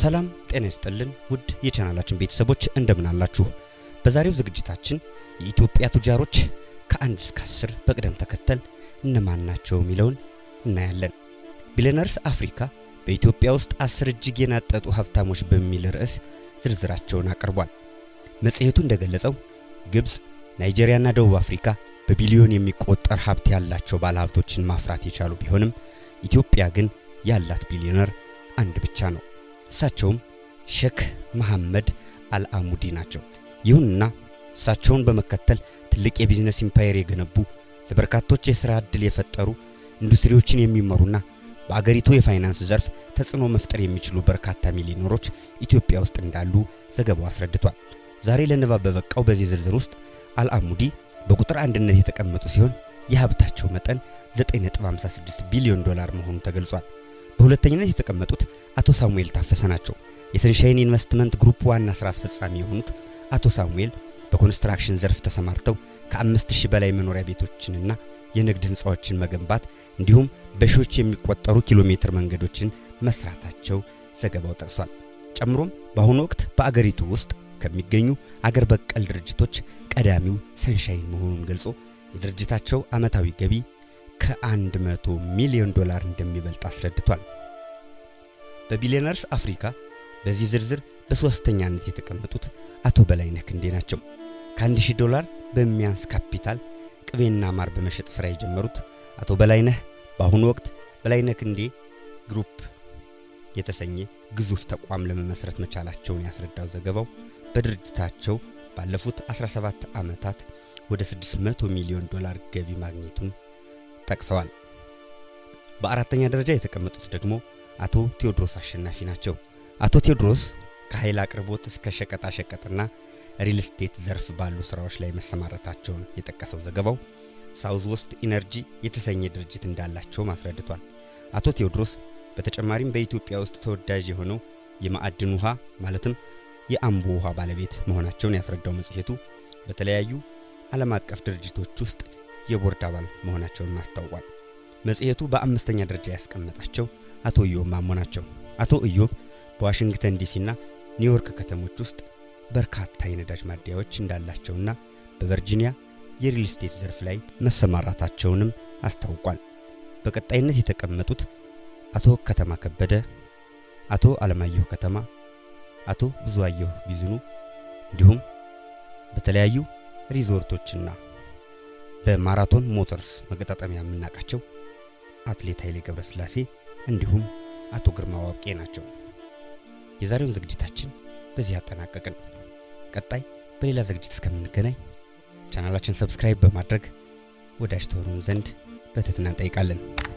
ሰላም ጤና ይስጥልን ውድ የቻናላችን ቤተሰቦች እንደምን አላችሁ? በዛሬው ዝግጅታችን የኢትዮጵያ ቱጃሮች ከአንድ እስከ አስር በቅደም ተከተል እነማን ናቸው የሚለውን እናያለን። ቢሊነርስ አፍሪካ በኢትዮጵያ ውስጥ አስር እጅግ የናጠጡ ሀብታሞች በሚል ርዕስ ዝርዝራቸውን አቅርቧል። መጽሔቱ እንደገለጸው ግብፅ፣ ናይጄሪያና ደቡብ አፍሪካ በቢሊዮን የሚቆጠር ሀብት ያላቸው ባለሀብቶችን ማፍራት የቻሉ ቢሆንም ኢትዮጵያ ግን ያላት ቢሊዮነር አንድ ብቻ ነው። እሳቸውም ሼክ መሐመድ አልአሙዲ ናቸው። ይሁንና እሳቸውን በመከተል ትልቅ የቢዝነስ ኢምፓየር የገነቡ ለበርካቶች የሥራ ዕድል የፈጠሩ ኢንዱስትሪዎችን የሚመሩና በአገሪቱ የፋይናንስ ዘርፍ ተጽዕኖ መፍጠር የሚችሉ በርካታ ሚሊዮነሮች ኢትዮጵያ ውስጥ እንዳሉ ዘገባው አስረድቷል። ዛሬ ለንባብ በበቃው በዚህ ዝርዝር ውስጥ አልአሙዲ በቁጥር አንድነት የተቀመጡ ሲሆን የሀብታቸው መጠን 9.56 ቢሊዮን ዶላር መሆኑ ተገልጿል። በሁለተኝነት የተቀመጡት አቶ ሳሙኤል ታፈሰ ናቸው። የሰንሻይን ኢንቨስትመንት ግሩፕ ዋና ስራ አስፈጻሚ የሆኑት አቶ ሳሙኤል በኮንስትራክሽን ዘርፍ ተሰማርተው ከአምስት ሺህ በላይ መኖሪያ ቤቶችንና የንግድ ህንፃዎችን መገንባት እንዲሁም በሺዎች የሚቆጠሩ ኪሎ ሜትር መንገዶችን መስራታቸው ዘገባው ጠቅሷል። ጨምሮም በአሁኑ ወቅት በአገሪቱ ውስጥ ከሚገኙ አገር በቀል ድርጅቶች ቀዳሚው ሰንሻይን መሆኑን ገልጾ የድርጅታቸው ዓመታዊ ገቢ ከአንድ መቶ ሚሊዮን ዶላር እንደሚበልጥ አስረድቷል። በቢሊዮነርስ አፍሪካ በዚህ ዝርዝር በሶስተኛነት የተቀመጡት አቶ በላይነህ ክንዴ ናቸው። ከ ከ1000 ዶላር በሚያንስ ካፒታል ቅቤና ማር በመሸጥ ስራ የጀመሩት አቶ በላይነህ በአሁኑ ወቅት በላይነህ ክንዴ ግሩፕ የተሰኘ ግዙፍ ተቋም ለመመስረት መቻላቸውን ያስረዳው ዘገባው በድርጅታቸው ባለፉት 17 ዓመታት ወደ 600 ሚሊዮን ዶላር ገቢ ማግኘቱን ጠቅሰዋል። በአራተኛ ደረጃ የተቀመጡት ደግሞ አቶ ቴዎድሮስ አሸናፊ ናቸው። አቶ ቴዎድሮስ ከኃይል አቅርቦት እስከ ሸቀጣሸቀጥና ሪል ስቴት ዘርፍ ባሉ ስራዎች ላይ መሰማረታቸውን የጠቀሰው ዘገባው ሳውዝ ወስት ኢነርጂ የተሰኘ ድርጅት እንዳላቸውም አስረድቷል። አቶ ቴዎድሮስ በተጨማሪም በኢትዮጵያ ውስጥ ተወዳጅ የሆነው የማዕድን ውሃ ማለትም የአምቦ ውሃ ባለቤት መሆናቸውን ያስረዳው መጽሔቱ በተለያዩ ዓለም አቀፍ ድርጅቶች ውስጥ የቦርድ አባል መሆናቸውን አስታውቋል። መጽሔቱ በአምስተኛ ደረጃ ያስቀመጣቸው አቶ ኢዮብ ማሞ ናቸው። አቶ ኢዮብ በዋሽንግተን ዲሲና ኒውዮርክ ከተሞች ውስጥ በርካታ የነዳጅ ማደያዎች እንዳላቸውና በቨርጂኒያ የሪል ስቴት ዘርፍ ላይ መሰማራታቸውንም አስታውቋል። በቀጣይነት የተቀመጡት አቶ ከተማ ከበደ፣ አቶ አለማየሁ ከተማ፣ አቶ ብዙአየሁ ቢዝኑ እንዲሁም በተለያዩ ሪዞርቶችና በማራቶን ሞተርስ መገጣጠሚያ የምናውቃቸው አትሌት ኃይሌ ገብረስላሴ እንዲሁም አቶ ግርማ ዋብቄ ናቸው። የዛሬውን ዝግጅታችን በዚህ አጠናቀቅን። ቀጣይ በሌላ ዝግጅት እስከምንገናኝ ቻናላችን ሰብስክራይብ በማድረግ ወዳጅ ተሆኑን ዘንድ በትህትና እንጠይቃለን።